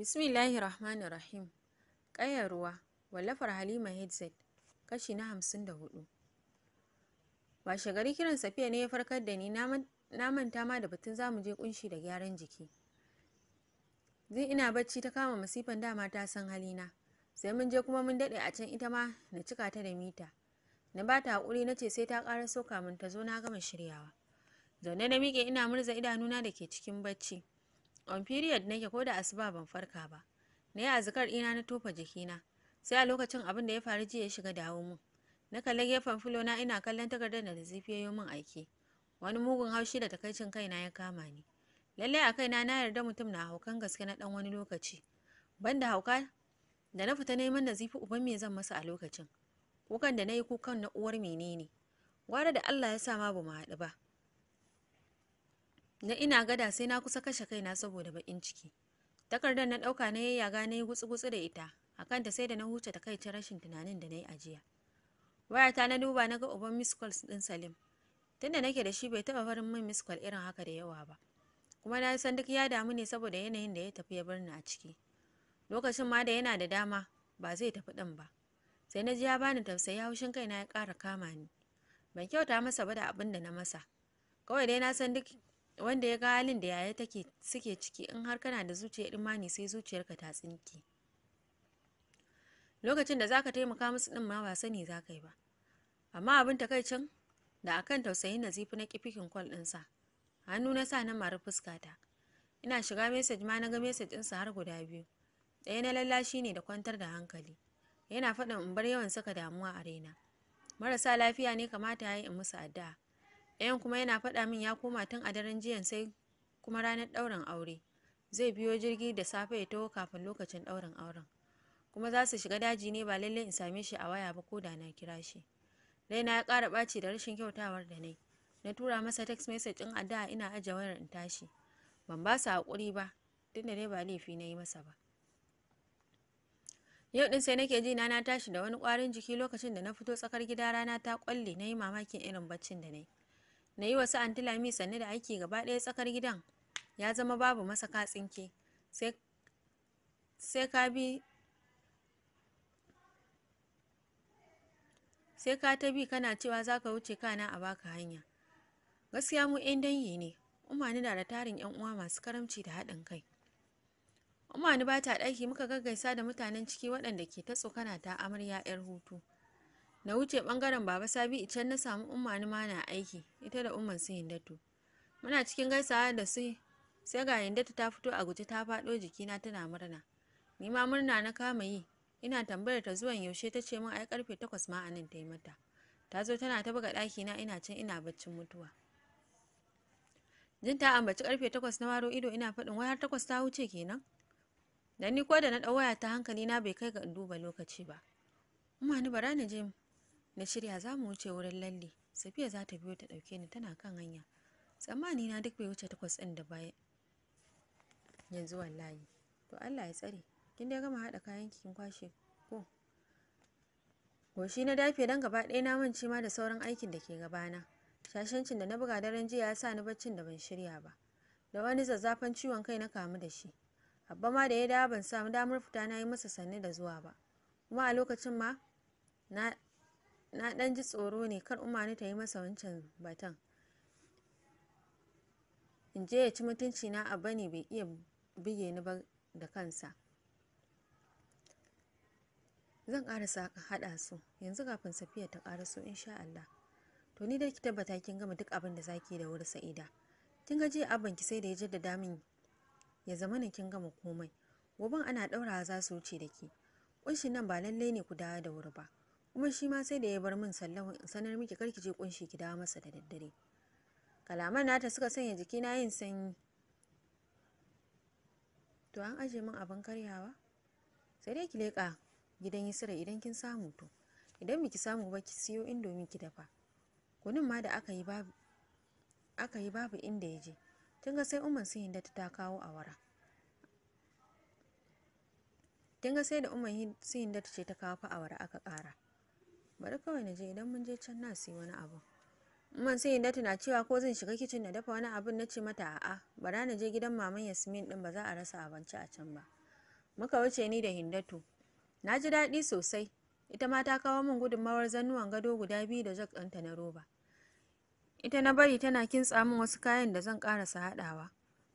Bismillahi Rahmanir Rahim. Ƙayar ruwa, wallafar Halima Headset, kashi na hamsin da hudu. Washe gari kiran Safiya ne ya farkar da ni na manta ma da batun za mu je kunshi da gyaran jiki. Zai ina bacci ta kama masifan dama ta san halina. Sai mun je kuma mun daɗe a can ita ma na cika ta da mita. Na ba ta haƙuri na ce sai ta ƙara so kamun ta zo na gama shiryawa. Zaune na miƙe ina murza idanuna da ke cikin bacci. on period nake ko da asuba ban farka ba na yi zikar ina na tofa jikina sai a lokacin abin da ya faru jiya ya shiga dawo mun na kalli gefen filo na ina kallon takardar da nazifi ya min aiki wani mugun haushi da takaicin kaina ya kama ni lallai a kaina na yarda mutum na haukan gaske na dan wani lokaci banda hauka da na fita neman nazifi uban me zan masa a lokacin kukan da na yi kukan na uwar menene gwara da allah ya sa ma ba mu haɗu ba na ina gada sai na kusa kashe kaina saboda bakin ciki takardar na dauka na yayya ga na yi gutsu-gutsu da ita akan ta sai da na huce ta kai ta rashin tunanin da na yi ajiya wayata na duba na ga uban miss calls din salim tunda nake da shi bai taba barin min miss call irin haka da yawa ba kuma na san duk ya damu ne saboda yanayin da ya tafi ya bar a ciki lokacin ma da yana da dama ba zai tafi din ba sai na ji ya bani tausayi haushin kaina ya kara kama ni ban kyauta masa ba da abin da na masa kawai dai na san duk wanda ya ga halin da yaya take suke ciki in har kana da zuciyar imani sai zuciyarka ta tsinke lokacin da zaka taimaka musu din ma ba sani zaka yi ba amma abin takaicin da akan tausayin nazifi na kifikin kwal ɗinsa hannu na sa na mari fuskata ina shiga message ma na ga message ɗinsa har guda biyu ɗaya na lallashi ne da kwantar da hankali yana faɗin in bar yawan saka damuwa a raina marasa lafiya ne kamata ya yi in musu addu'a ɗayan kuma yana faɗa min ya koma tun a daren jiyan sai kuma ranar ɗaurin aure zai biyo jirgi da safe ya taho kafin lokacin ɗaurin auren kuma za su shiga daji ne ba lallai in same shi a waya ba ko da na kira shi raina ya ƙara ɓaci da rashin kyautawar da nai na tura masa text message ɗin a da ina ajiye wayar in tashi ban ba su haƙuri ba tun da dai ba laifi na yi masa ba yau ɗin sai nake ji na na tashi da wani ƙwarin jiki lokacin da na fito tsakar gida rana ta ƙwalle na yi mamakin irin baccin da na yi na yi wasu antilami sannu da aiki gaba ɗaya tsakar gidan ya zama babu masaka tsinke sai ka ta bi kana cewa za ka wuce kana a baka hanya gaskiya mu 'yan dangi ne umani na da tarin 'yan uwa masu karamci da haɗin kai umani ba ta ɗaki muka gaggaisa da mutanen ciki waɗanda ke ta tsokana ta amarya 'yar hutu na wuce bangaren baba sabi can na samu umma ni na aiki ita da umman su hindatu muna cikin gaisawa da su sai ga hindatu ta fito a guje ta faɗo jikina tana murna ni ma murna na kama yi ina tambayar ta zuwan yaushe ta ce min ai karfe takwas ma anan ta yi mata ta zo tana ta buga na ina cin ina baccin mutuwa jin ta ambaci karfe takwas na waro ido ina faɗin wayar takwas ta wuce kenan dani ni ko da na ɗau waya ta hankali na bai kai ga in duba lokaci ba umma ni bara ni je na shirya za mu wuce wurin lalle safiya za ta biyo ta ɗauke ni tana kan hanya tsammani na duk bai wuce takwas ɗin da baya yanzu wallahi to allah ya tsare kin dai gama haɗa kayan kin kwashe ko goshi na dafe don gaba ɗaya na mance ma da sauran aikin da ke gabana shashancin da na buga daren jiya ya sa ni baccin da ban shirya ba da wani zazzafan ciwon kai na kamu da shi abba ma da ya dawo ban samu damar fita na yi masa sannu da zuwa ba kuma a lokacin ma na na dan ji tsoro ne kar umarni ta yi masa wancan batan in je ya ci mutunci na a bane bai iya bige ni ba da kansa zan ƙarasa haɗa su yanzu kafin safiya ta ƙaraso insha Allah to ni dai ki tabbata kin gama duk abin da zaki da wuri sa'ida kin ga jiya abban ki sai da ya jaddada min ya zama na kin gama komai gobe ana ɗaurawa za su wuce da ki kunshi nan ba lallai ne ku dawo da wuri ba kuma shi ma sai da ya bar min sanar miki kar ki je kunshi ki dawo masa da daddare kalaman nata suka sanya jiki na yin sanyi to an aje min abin karyawa sai dai ki leka gidan yisira idan kin samu to idan biki samu ba ki siyo indomi ki dafa kunun ma da aka yi babu aka yi babu inda ya je tun ga sai umar sun hinda ta kawo wara tun ga sai da umar sun ta ce ta kawo fa awara aka ƙara bari kawai na je idan mun je can na sai wani abu man sai na tana cewa ko zan shiga kicin na dafa wani abin na ce mata a'a bara na je gidan maman yasmin din ba za a rasa abinci a can ba muka wuce ni da hindatu na ji daɗi sosai ita ma ta kawo min gudunmawar zannuwan gado guda biyu da jak ɗinta na roba ita na bari tana kintsa min wasu kayan da zan ƙarasa haɗawa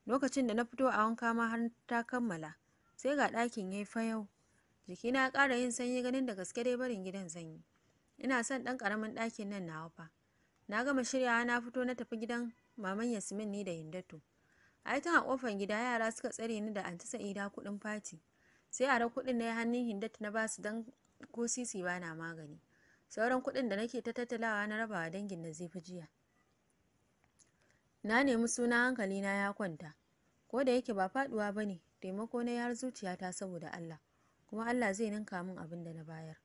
lokacin da na fito a wanka ma har ta kammala sai ga ɗakin ya yi fayau jikina ya ƙara yin sanyi ganin da gaske dai barin gidan zan yi ina son ɗan ƙaramin ɗakin nan nawa fa na gama shiryawa na fito na tafi gidan maman yasmin ne da hindatu ai tun a ƙofar gida yara suka tsare ni da anti sa'ida kuɗin fati sai a kuɗin na hannun hindatu na basu don ko sisi ba na magani sauran kuɗin da nake ta tattalawa na rabawa dangin na fi jiya na nemi sunan hankali na ya kwanta ko da yake ba faɗuwa ba ne taimako na har zuciyata saboda allah kuma allah zai ninka min abin da na bayar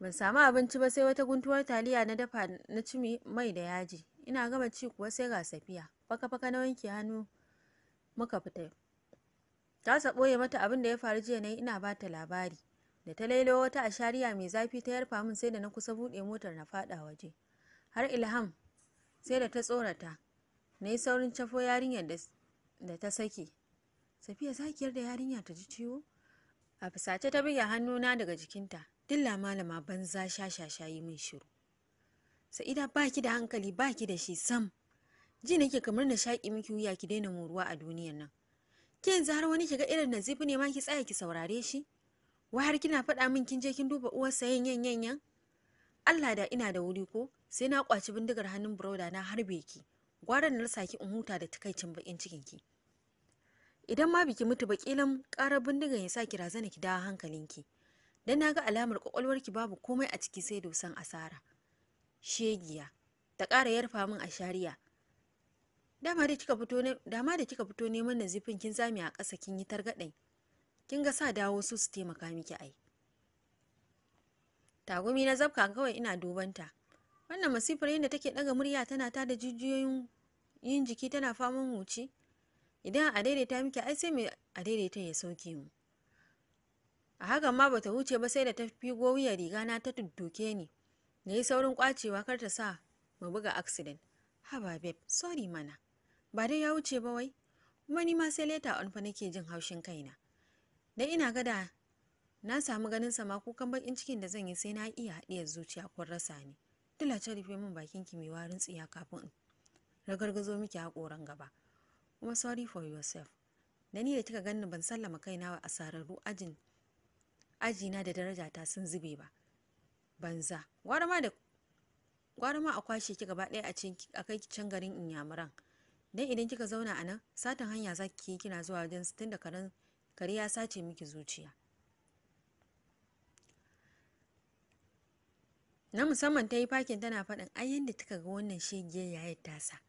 ban samu abinci ba sai wata guntuwar taliya na dafa na ci mai da yaji ina gama ci kuwa sai ga safiya faka-faka na wanke hannu muka fita ta ɓoye mata abin da ya faru jiya na ina ba ta labari da ta lailo wata ashariya mai zafi ta yarfa min sai da na kusa buɗe motar na faɗa waje har ilham sai da ta tsorata na yi saurin cafo yarinyar da ta sake safiya zakiyar da yarinya ta ji ciwo a fusace ta buge hannuna daga jikinta dilla malama banza shashasha yi min shiru sa'ida ba ki da hankali ba ki da shi sam ji nake kamar na shaƙi miki wuya ki daina moruwa a duniyar nan ki yanzu har wani kiga irin nazifi ne ma ki tsaya ki saurare shi wa har kina faɗa min kin je kin duba uwarsa yan yan yan Allah da ina da wuri ko sai na kwaci bindigar hannun broda na harbe ki gwaran na rasa ki in huta da takaicin bakin cikin ki idan ma biki mutu ba kilan ƙarar bindigar ya sa ki razana ki dawo hankalinki dan na ga alamar kwakwalwarki babu komai a ciki sai dosan asara shegiya ta ƙara yarfa min a shari'a dama da kika fito ne dama da neman nazifin kin zame a ƙasa kin yi targaɗai kin ga sa dawo su su taimaka miki ai tagumi na zabka kawai ina dubanta wannan masifar yadda take ɗaga murya tana ta da jijiyoyin yin jiki tana faman huci idan a daidaita miki ai sai mai a daidaita ya sauke mu a hakan ma bata wuce ba sai da ta figo wuya riga na ta tudduke ni na yi saurin kwacewa kar ta sa mu buga accident haba babe sorry mana ba dai ya wuce ba wai kuma ni ma sai leta on fa nake jin haushin kaina na ina gada na samu ganin sama kukan bakin cikin da zan yi sai na iya haɗiya zuciya kun rasa ni dila ta rufe min bakin ki mai warin tsiya kafin in ragargazo miki hakoran gaba kuma sorry for yourself da ni da kika ganni ban sallama kaina wa asararru ajin ajina da daraja ta sun zube ba banza gwara ma a kwashe ki gaba ɗaya a kai can garin inyamuran don idan kika zauna a nan satin hanya za ki kina zuwa wajen tun da kare ya sace miki zuciya na musamman ta yi fakin tana faɗin ai yadda kika ga wannan shegiyar yi tasa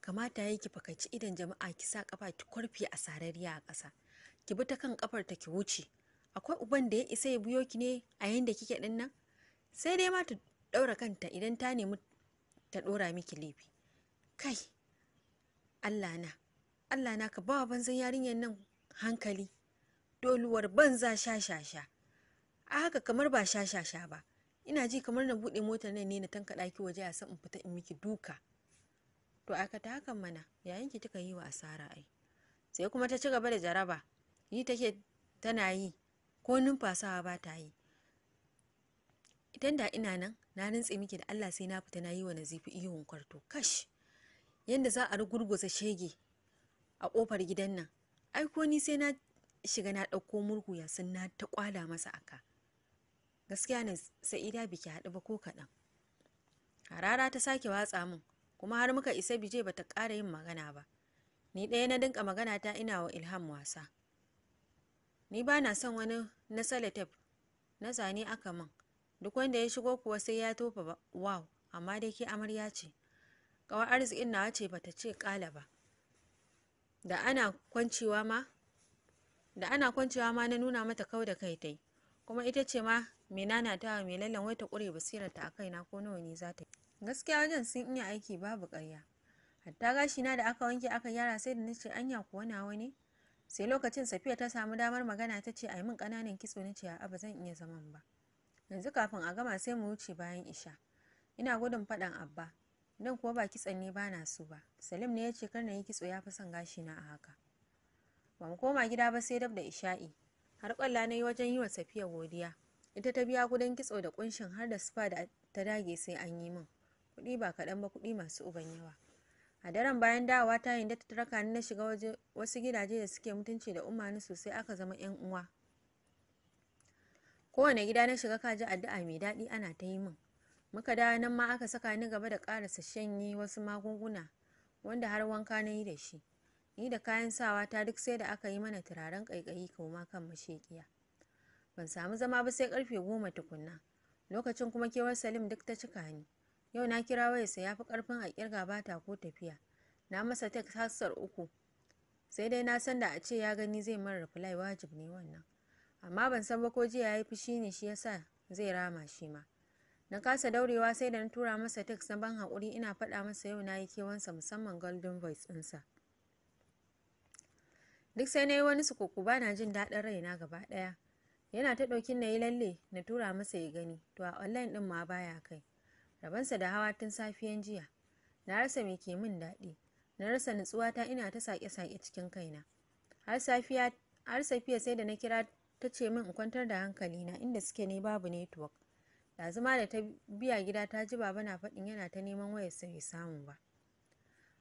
kamata ya ki fakaci idan jama'a ki sa kafa ki kwarfi a sarariya a ƙasa ki bi ta kan kafar ta ki wuce akwai uban da ya isa ya biyo ki ne a yayin da kike din nan sai dai ma ta daura kanta idan ta nemi ta ɗora miki laifi kai allah na allah na ka ba wa banzan yarinyar nan hankali doluwar banza sha sha sha a haka kamar ba sha sha sha ba ina ji kamar na bude motar nan ne na tanka daki waje a san in fita in miki duka to ta hakan mana yayin ki kika yi wa asara ai sai kuma ta ci gaba da jaraba ni take tana yi ko numfasawa ba ta yi idan da ina nan na rintse miki da Allah sai na fita na yi wa nazifi ihun kwarto kash Yadda za a rugurguza shege a kofar gidan nan ai ko ni sai na shiga na ɗauko murhu ya san na ta kwala masa aka gaskiya ne sa'ida biki haɗu ba ko kaɗan harara ta sake watsa min kuma har muka isa bije ba ta ƙara yin magana ba ni ɗaya na dinka magana ta ina wa ilham wasa ni ba na son wani na selotef na zane aka min duk wanda ya shigo kuwa sai ya tofa wow amma dai ke amarya ce kawar arzikin nawa ce bata ce kala ba da ana kwancewa ma na nuna mata kau da kai tai kuma ita ce ma mai nana ta mai lallan wata kure basirar ta a kaina ko nawa ne za ta yi gaskiya wajen sun iya aiki babu ƙarya hatta gashi na da aka wanke aka gyara sai da nace anya kuwa nawa ne sai lokacin safiya ta samu damar magana ta ce a yi min ƙananan kitso na ce a ba zan iya zaman ba yanzu kafin a gama sai mu wuce bayan isha ina gudun faɗan abba dan kuwa ba kitson ne ba na so ba salim ne ya ce kar na yi kitso ya fi son gashi na a haka ba mu koma gida ba sai dab da isha'i har kwalla na yi wajen yi wa safiya godiya ita ta biya kudin kitso da kunshin har da spa da ta dage sai an yi min kuɗi ba kaɗan ba kuɗi masu uban yawa a daren bayan dawowa ta yinda ta raka ni na shiga wasu gidaje da suke mutunci da umarni sosai aka zama yan uwa kowane gida na shiga kaji addu'a mai daɗi ana ta yi min muka dawo nan ma aka saka ni gaba da ƙarasa yi wasu magunguna wanda har wanka na yi da shi ni da kayan sawa ta duk sai da aka yi mana turaren ƙaiƙayi koma kan mashekiya ban samu zama ba sai karfe goma tukunna lokacin kuma kewar salim duk ta cika ni yau na kira wayarsa ya fi ƙarfin a kirga bata ko tafiya na masa tek hassar uku sai dai na san da a ce ya gani zai mara reply wajib ne wannan amma ban san ba ko jiya ya yi fushi ne shi yasa zai rama shi ma na kasa daurewa sai da na tura masa tek na ban haƙuri ina faɗa masa yau na yi kewansa musamman golden voice ɗinsa duk sai na yi wani sukuku ba na jin daɗin raina gaba ɗaya yana ta ɗaukin na yi lalle na tura masa ya gani to a online ɗin ma baya kai rabansa da hawa tun safiyan jiya na rasa me ke min daɗi na rasa ta ina ta sake-sake cikin kaina har safiya har safiya sai da na kira ta ce min in kwantar da hankali na inda suke ne babu network lazima da ta biya gida ta ji baba na faɗin yana ta neman wayar sa bai samu ba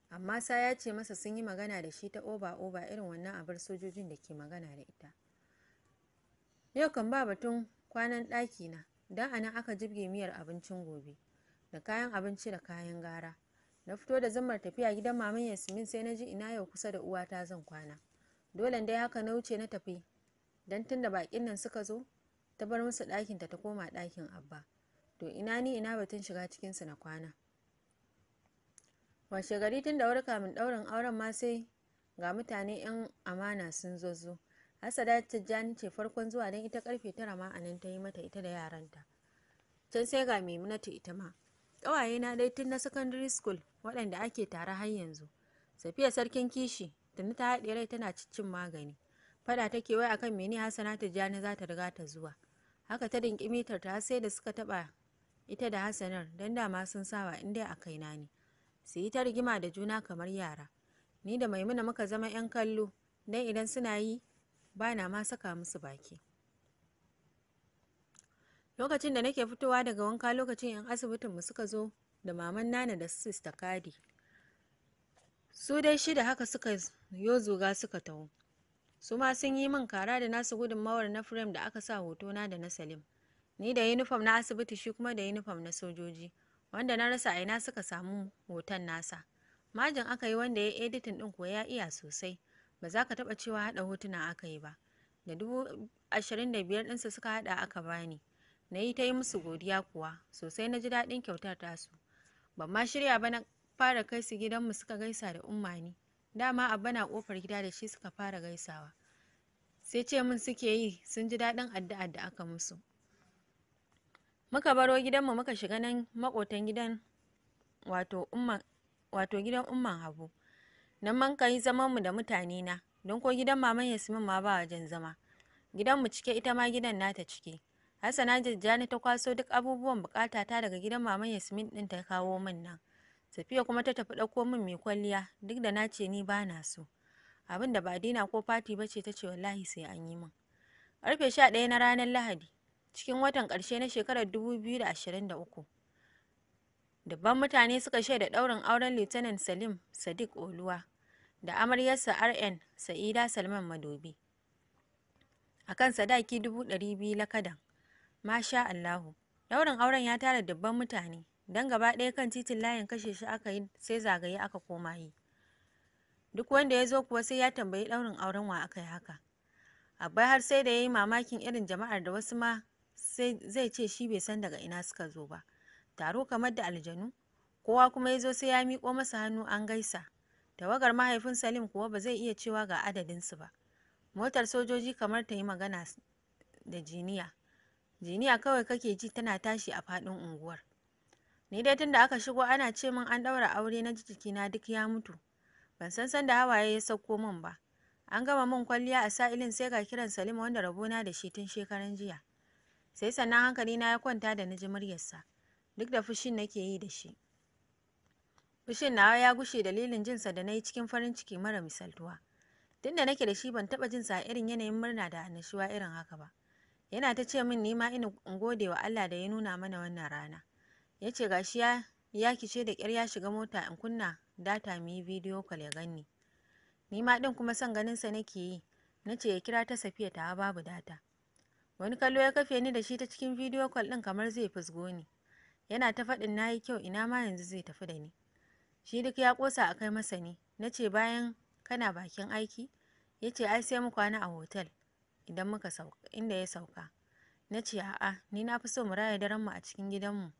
amma sa ya ce masa sun yi magana da shi ta oba oba irin wannan abar sojojin da ke magana da ita yau kan ba batun kwanan ɗaki na don nan aka jibge miyar abincin gobe da kayan abinci da kayan gara na fito da zammar tafiya gidan maman yasmin sai na ji ina yau kusa da uwata zan kwana dole dai haka na wuce na tafi dan da bakin nan suka zo ta bar musu ɗakin ta ta koma ɗakin abba to ina ni ina batun shiga cikin su na kwana washe gari tun da wuri kamin ɗaurin auren ma sai ga mutane yan amana sun zozzo hasada jani ce farkon zuwa don ita karfe tara ma a nan ta yi mata ita da yaranta can sai ga ta ita ma kawaye na dai tun na secondary school waɗanda ake tare har yanzu safiya sarkin kishi tuni ta haɗe rai tana cin magani fada take wai akan mene hasana tijjani za ta riga ta zuwa haka ta dinki mitar ta sai da suka taɓa ita da hasanar don dama sun sawa in dai a kaina ne su yi ta rigima da juna kamar yara ni da maimuna muka zama 'yan kallo dan idan suna yi ba na ma saka musu baki lokacin da nake fitowa daga wanka lokacin 'yan asibitin mu suka zo da maman nana da sis kadi su dai shida haka suka yo zuga suka taho su ma sun yi min kara da nasu gudunmawar na frame da aka sa hotona da na salim ni da yunifom na asibiti shi kuma da yunifom na sojoji wanda na rasa aina suka samu hoton nasa majin aka yi wanda ya editin din kuwa ya iya sosai ba za ka taba cewa hada hotuna aka yi ba da dubu ashirin da biyar ɗinsa suka hada aka bani na yi ta yi musu godiya kuwa sosai na ji daɗin kyautar tasu ban ma shirya ba na fara kai su gidanmu suka gaisa da ummani dama abba na kofar gida da shi suka fara gaisawa sai ce min suke yi sun ji daɗin addu'a da aka musu muka baro gidanmu muka shiga nan makotan gidan wato gidan umman habu nan man ka yi zaman mu da mutane na don ko gidan maman yasmin ma ba wajen zama gidan mu cike ita ma gidan nata cike Hassana Jijjani ta kwaso duk abubuwan bukata ta daga gidan maman Yasmin din ta kawo min nan. Safiya kuma ta tafi ɗauko min mai kwalliya duk da na ce ni ba na so. Abin da ba dina ko fati ba ce ta ce wallahi sai an yi min. Karfe sha na ranar Lahadi cikin watan karshe na shekarar 2023. dabban mutane suka shaida daurin auren Lieutenant Salim Sadiq Oluwa da amaryarsa RN Sa'ida Salman Madobi. sadaki dubu ɗari biyu lakadan. Masha Allahu. Daurin auren ya tara dubban mutane, don gaba ɗaya kan titin layin kashe shi aka yi sai zagaye aka koma yi. Duk wanda ya zo kuwa sai ya tambayi daurin auren wa aka yi haka. Abba har sai da ya yi mamakin irin jama'ar da wasu ma sai zai ce shi bai san daga ina suka zo ba. Taro kamar da aljanu, kowa kuma ya zo sai ya miƙo masa hannu an gaisa. Tawagar mahaifin Salim kuwa ba zai iya cewa ga adadinsu ba. Motar sojoji kamar ta yi magana da jiniya. jiniya kawai kake ji tana tashi a faɗin unguwar ni dai tunda aka shigo ana ce min an ɗaura aure na ji na duk ya mutu ban san sanda hawaye ya sauko min ba an gama min kwalliya a sa'ilin sai ga kiran salima wanda rabona da shi tun shekaran jiya sai sannan hankali na ya kwanta da na ji muryarsa duk da fushin nake yi da shi fushin nawa ya gushe dalilin jinsa da na yi cikin farin ciki mara misaltuwa tunda nake da shi ban taɓa jinsa a irin yanayin murna da annashuwa irin haka ba yana ta ce min nima ina in gode wa Allah da ya nuna mana wannan rana ya ce 'Ga shi ya kice da kyar ya shiga mota in kunna data mu yi bidiyo kwal ya gani nima ma ɗin kuma son ganinsa nake yi na ce ya kira ta safiya ta babu data wani kallo ya kafe ni da shi ta cikin bidiyo kwal ɗin kamar zai fusgo ni yana ta faɗin na yi kyau ina ma yanzu zai tafi da ni shi duk ya ƙosa a kai masa ne na ce bayan kana bakin aiki ya ce ai sai mu kwana a hotel idan muka sauka inda ya sauka na ce a'a ni na fi so mu raya daren mu a cikin gidanmu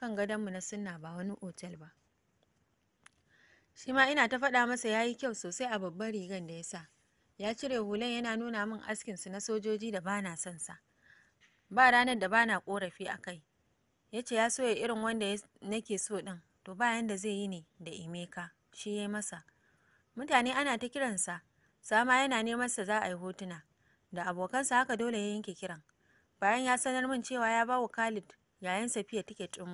kan gadonmu na sunna ba wani otal ba shi ma ina ta faɗa masa ya yi kyau sosai a babban rigan da ya sa ya cire hulan yana nuna min askin su na sojoji da bana son sa ba ranar da bana korafi a kai ya ce ya so ya irin wanda nake so din to ba da zai yi ne da imeka shi ya masa mutane ana ta kiransa sama yana neman sa za a yi hotuna da abokansa haka dole ya yanke kiran bayan ya sanar min cewa ya bawa Khalid yayan Safiya tiket ɗin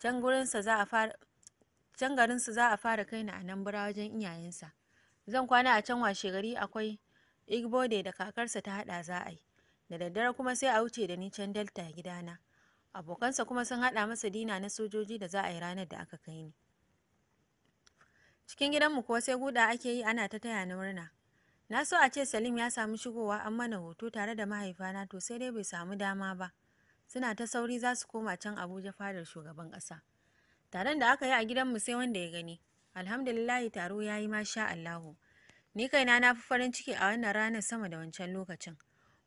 can za can garinsa za a fara kai ni a nan bura wajen iyayensa zan kwana a can washe gari akwai igbode da kakarsa ta hada za a yi da daddare kuma sai a wuce da ni can delta gidana abokansa kuma sun hada masa dina na sojoji da za a yi ranar da aka kai ni cikin gidanmu kuwa sai guda ake yi ana ta taya ni murna Na so a ce Salim ya samu shigowa an mana hoto tare da mahaifana to sai dai bai samu dama ba. Suna ta sauri za su koma can Abuja fadar shugaban ƙasa. Taron da aka yi a gidanmu sai wanda ya gani. Alhamdulillahi taro ya yi masha Allahu. Ni kaina na fi farin ciki a wannan ranar sama da wancan lokacin.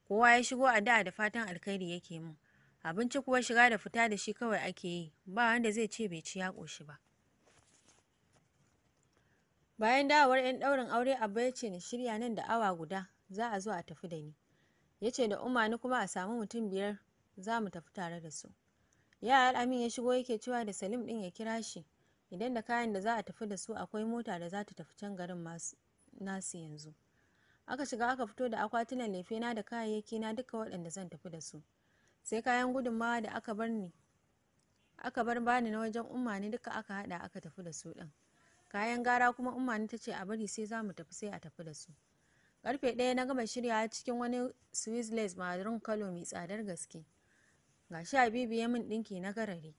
Kowa ya shigo a da da fatan alkhairi yake mun. Abinci kuwa shiga da fita da shi kawai ake yi, ba wanda zai ce bai ci ya ƙoshi ba. Bayan dawowar 'yan ɗaurin aure, Abba ya ce, "Na shirya nan da awa guda za a zo a tafi da ni," ya ce da umarni kuma a samu mutum biyar za mu tafi tare da su. Yaya al'amin amin ya shigo yake cewa da Salim ɗin ya kira shi idan da kayan da za a tafi da su akwai mota da za ta tafi can garin nasu yanzu. Aka shiga aka fito da akwatunan lefena da kayayyaki na duka waɗanda zan tafi da su. Sai kayan gudunmawa da aka bar bani na wajen umarni duka aka hada aka tafi da su ɗin. kayan gara kuma umarni ta ce a bari sai za mu tafi sai a tafi da su karfe ɗaya na gama shirya cikin wani swiss marin kalo mai tsadar gaske ga sha biyu ya min ɗinki na garare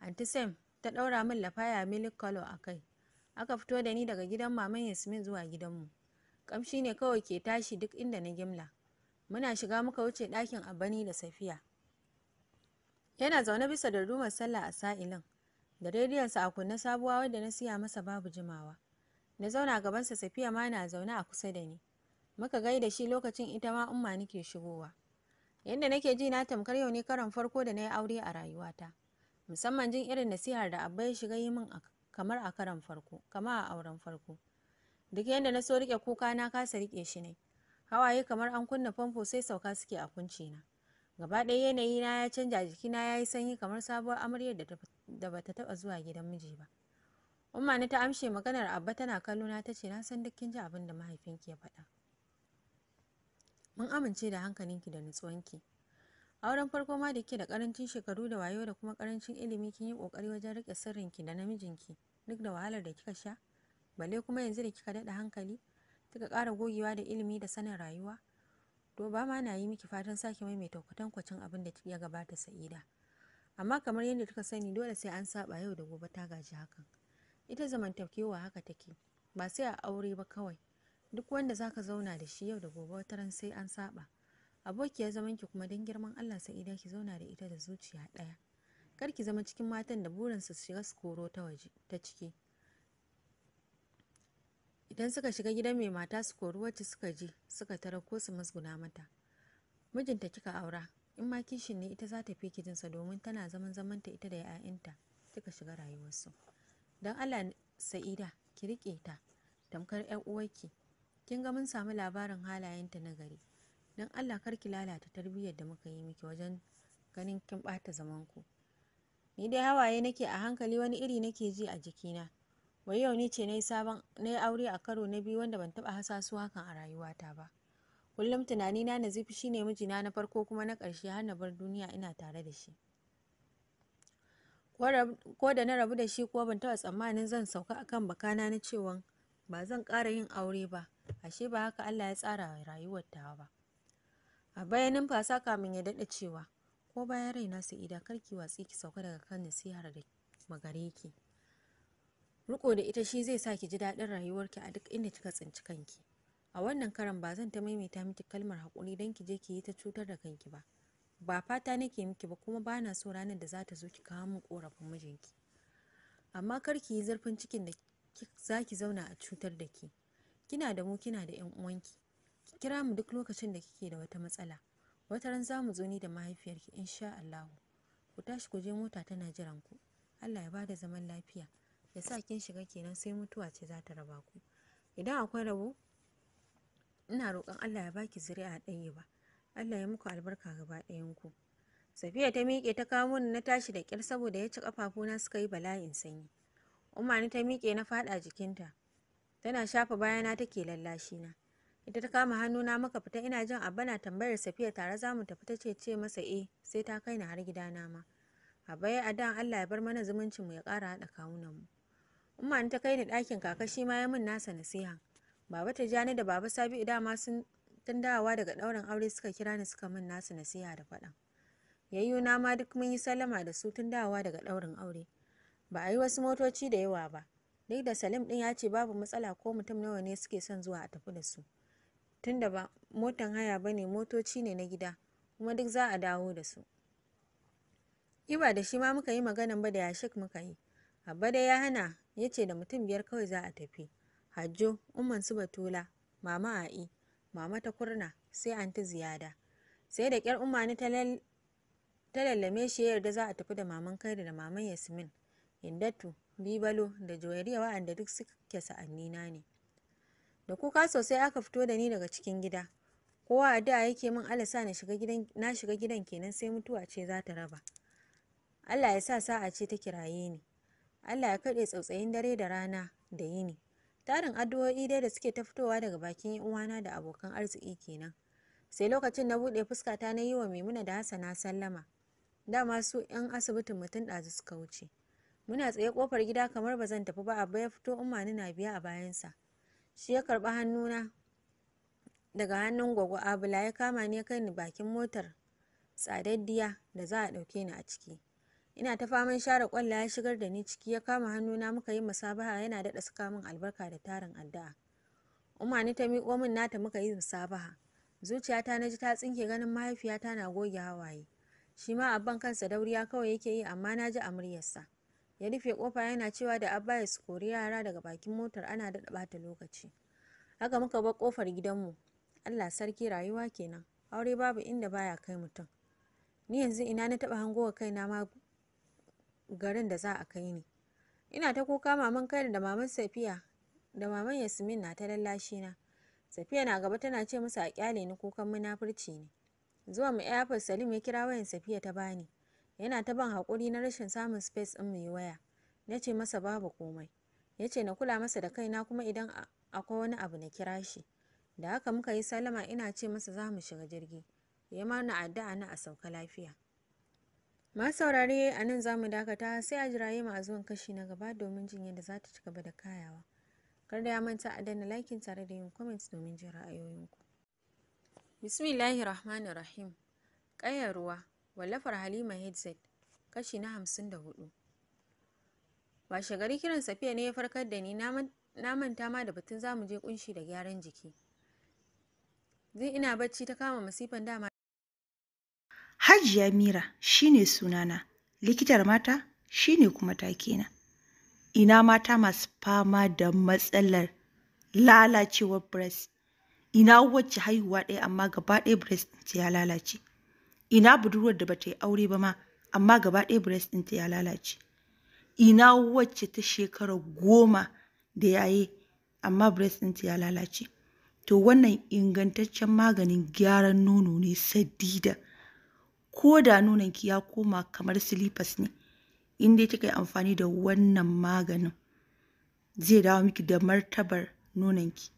anti sam ta ɗaura min lafaya milik kalo a kai aka fito da ni daga gidan maman yasmin zuwa gidanmu ƙamshi ne kawai ke tashi duk inda na gimla muna shiga muka wuce ɗakin abani da safiya yana zaune bisa da rumar sallah a sa'ilin da rediyonsa a kunna sabuwa wadda na siya masa babu jimawa na zauna gabansa safiya ma na zaune a kusa da ni muka gaida shi lokacin ita ma umma nake shigowa yadda nake ji na tamkar yau ne karon farko da na yi aure a rayuwata musamman jin irin nasihar da abba ya shiga yi min kamar a karon farko kamar a auren farko duk yadda na so rike kuka na kasa rike shi ne hawaye kamar an kunna famfo sai sauka suke a kunci na gaba ɗaya yanayi na ya canja jikina ya yi sanyi kamar sabuwar amaryar da ba ta taɓa zuwa gidan miji ba umma ni ta amshe maganar abba tana kallo na ta ce na san duk kin ji abin da mahaifinki ya faɗa mun amince da hankalinki da nutsuwanki Auren wurin farko ma da ke da karancin shekaru da wayo da kuma karancin ilimi kin yi kokari wajen rike sirrinki da namijinki duk da wahalar da kika sha balle kuma yanzu da kika daɗa hankali kika ƙara gogewa da ilimi da sanin rayuwa ma na yi miki fatan sake maimaita kwatankwacin abin da ya gabata Sa'ida. Amma kamar yadda kika sani dole sai an saba yau da gobe ta gaji hakan. Ita zamantakewa haka take, ba sai a aure ba kawai. Duk wanda zaka zauna da shi yau da gobe wata ran sai an saba. Abokiyar zamanki kuma don girman Allah Sa'ida ki zauna da ita da zuciya ɗaya. Kar ki zama cikin matan da burin su shiga su koro ta waje ta ciki. idan suka shiga gidan mai mata su kori wacce suka je suka tara ko su musguna mata mijinta kika aura in ma kishin ne ita za ta fi kijinsa domin tana zaman zamanta ita da 'ya'yanta kika shiga rayuwarsu don allah sa'ida ki riƙe ta tamkar 'yan uwarki kin ga mun samu labarin halayenta na gari don allah kar ki lalata tarbiyyar da muka yi miki wajen ganin kin ɓata zamanku ni dai hawaye nake a hankali wani iri nake ji a jikina Wai yau ni ce na yi aure a karo na biyu wanda ban taɓa hasasu hakan a rayuwata ba. Kullum tunani na Nazifi shi ne mijina na farko kuma na karshe har na bar duniya ina tare da shi. Ko da na rabu da shi ko ban taba tsammanin zan sauka a kan bakana na cewa ba zan ƙara yin aure ba, ashe ba haka Allah ya tsara rayuwar ta ba. A bayanin fasa kamin ya daɗa cewa, ko bayan raina Sa'ida kar ki watsi ki sauka daga kan nasihar da gare ki. Riko da ita shi zai sa ki ji daɗin rayuwarki a duk inda kika tsinci kanki. A wannan karan ba zan ta maimaita miki kalmar hakuri don ki je ki yi ta cutar da kanki ba. Ba fata nake miki ba kuma bana so ranar da za ta zo ki kawo min korafin mijinki. Amma kar ki yi zarfin cikin da za ki zauna a cutar da ki. Kina da mu kina da 'yan uwanki. Ki kira mu duk lokacin da kike da wata matsala. Wata ran za mu zo ni da mahaifiyarki insha Allahu. Ku tashi ku je mota tana jiran ku. Allah ya bada zaman lafiya. ya sa kin shiga kenan sai mutuwa ce za ta raba ku idan akwai rabo ina roƙon Allah ya baki zuri'a ɗaya ba Allah ya muku albarka gaba ɗayan ku Safiya ta miƙe ta kawo ni na tashi da ƙyar saboda ya ci ƙafafuna suka yi bala'in sanyi Umarni ta miƙe na faɗa jikinta tana shafa bayana take lallashi na ita ta kama hannuna maka fita ina jin abba na tambayar safiya tare za mu tafi ta ce ce masa eh sai ta kai ni har gidana ma a baya a dan Allah ya bar mana zumuncin mu ya ƙara haɗa kawunan mu umma ta kai ni ɗakin kaka shi ma ya min nasa nasiha baba ta jani da baba sabi'u dama sun tun dawowa daga ɗaurin aure suka kira ni suka min nasa nasiha da faɗa yayyuna ma duk mun yi sallama da su tun dawowa daga ɗaurin aure ba a yi wasu motoci da yawa ba duk da salim ɗin ya ce babu matsala ko mutum nawa ne suke son zuwa a tafi da su tunda ba motan haya ba ne motoci ne na gida kuma duk za a dawo da su iba da shi ma muka yi maganan ba da yashik muka yi abba dai ya hana ya ce da mutum biyar kawai za a tafi hajjo umman su batula mama a'i mama ta kurna sai anti ziyada sai da kyar umarni ni ta lallame shi yarda za a tafi da maman kai da maman yasmin indatu bibalo da joyariya wa'anda duk suke sa'annina ne da kuka sosai aka fito da ni daga cikin gida kowa a da yake min alasa na shiga gidan kenan sai mutuwa ce za ta raba allah ya sa sa'a ce ta kiraye ni Allah ya kaɗe tsautsayin dare da rana da yini. Tarin addu'o'i dai da suke ta fitowa daga bakin uwana da abokan arziki kenan. Sai lokacin na buɗe fuskata na yi wa Maimuna da Hassana sallama. Dama su 'yan asibitin mutum ɗazu suka wuce. Muna tsaye kofar gida kamar ba zan tafi ba Abba ya fito umma na biya a bayansa. Shi ya karɓi hannuna daga hannun gwaggo Abula ya kama ni ya kai ni bakin motar tsadaddiya da za a ɗauke ni a ciki. ina ta faman share kwallo ya shigar da ni ciki ya kama hannuna muka yi musabaha yana daɗa saka min albarka da tarin addu'a umma ta miƙo min nata muka yi musabaha zuciyata na ji ta tsinke ganin mahaifiyata na goge hawaye shi ma abban kansa dauriya kawai yake yi amma na ji a muryarsa ya rufe kofa yana cewa da abba ya kori yara daga bakin motar ana daɗa bata lokaci haka muka bar kofar gidanmu allah sarki rayuwa kenan aure babu inda baya kai mutum ni yanzu ina na taɓa hangowa kaina ma garin da za a kai ni ina ta kuka maman kai da maman safiya da maman yasmin na ta lallashi na safiya na gaba tana ce musu a kyale ni kukan munafurci ne zuwa mu airport salim ya kira wayan safiya ta bani yana ta ban hakuri na rashin samun space ɗin mai waya nace masa babu komai yace na kula masa da kaina kuma idan akwai wani abu na kira shi da haka muka yi salama ina ce masa za mu shiga jirgi ya mana addu'a na a sauka lafiya masu saurare a nan za mu dakata sai a jira ma a zuwan kashi na gaba domin jin da za ta ci gaba da kayawa kar da ya manta a danna lakin tare da yin comments domin jin ra'ayoyinku bismillahir rahmanir rahim ƙayar wallafar halima headset kashi na hamsin da hudu washe gari kiran safiya ne ya farkar da ni na manta ma da batun zamu je kunshi da gyaran jiki zai ina bacci ta kama masifan dama Hajiya Mira shi ne sunana, likitar mata shi ne kuma takena. Ina mata masu fama da matsalar lalacewar breast, ina wacce haihuwa ɗaya amma gaba ɗaya breast ɗinta ya lalace, ina budurwar da bata yi aure ba ma amma gaba ɗaya breast ɗinta ya lalace, ina wacce ta shekara goma da yaye amma breast ɗinta ya lalace. To wannan ingantaccen maganin gyaran nono ne sadida. ko da nunanki ya koma kamar silifas ne in dai kika yi amfani da wannan maganin zai dawo miki da martabar maganin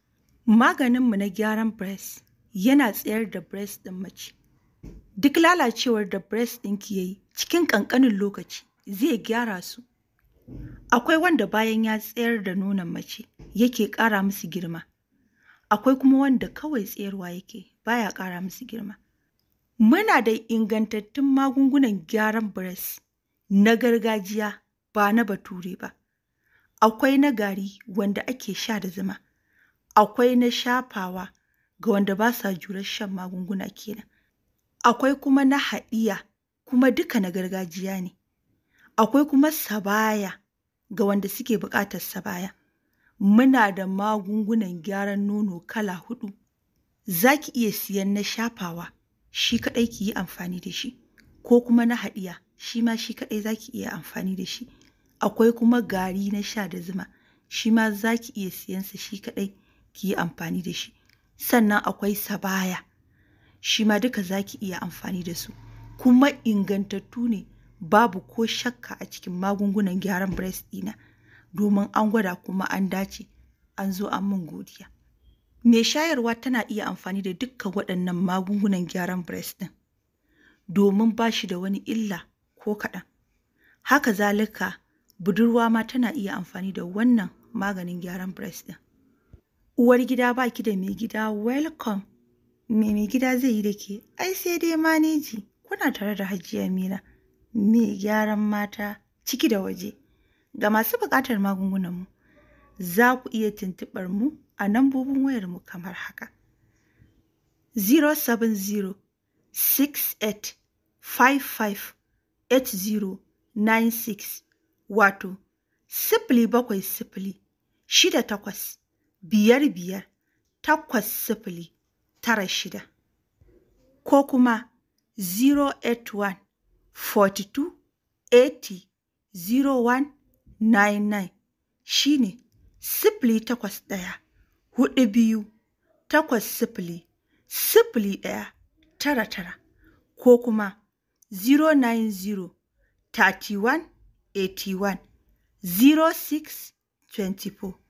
maganinmu na gyaran breast yana tsayar da breast ɗin mace duk lalacewar da breast ɗinki ya yi cikin ƙanƙanin lokaci zai gyara su akwai wanda bayan ya tsayar da nonon mace yake ƙara musu girma akwai kuma wanda kawai tsayarwa yake baya ƙara musu girma Muna da ingantattun magungunan gyaran bres na gargajiya ba na Bature ba. Akwai na gari wanda ake sha da zuma, akwai na shafawa ga wanda ba sa jurar shan magunguna kenan. akwai kuma na haɗiya kuma duka na gargajiya ne, akwai kuma sabaya ga wanda suke buƙatar sabaya. Muna da magungunan gyaran nono kala hudu? Za ki iya siyan na shafawa shi kaɗai ki yi amfani da shi ko kuma na haɗiya shi ma shi kaɗai za ki iya amfani da shi akwai kuma gari na sha da zuma shi ma za ki iya siyansa shi kaɗai ki yi amfani da shi sannan akwai sabaya shi ma duka za ki iya amfani da su kuma ingantattu ne babu ko shakka a cikin magungunan gyaran breast ɗina domin an gwada kuma an dace an zo an mun godiya Mai shayarwa tana iya amfani da dukkan waɗannan magungunan gyaran breast ɗin domin ba shi da wani illa ko kaɗan. Haka zalika, budurwa ma tana iya amfani da wannan maganin gyaran breast ɗin. Uwar gida ba ki da mai gida welcome. Me mai gida zai yi da ke? Ai sai dai maneji. Kuna tare da Hajiya Mira, mai gyaran mata ciki da waje. Ga masu buƙatar magungunanmu, za ku iya tuntuɓar mu a nan bubun wayar mu kamar haka 070 68 55 8096 wato sifili bakwai sifili shida takwas biyar biyar takwas sifili tara shida ko kuma 081 42 80 0199 shi ne sifili takwas ɗaya huɗu biyu takwas sifili sifili ɗaya tara tara ko kuma 090 31 81 06 24.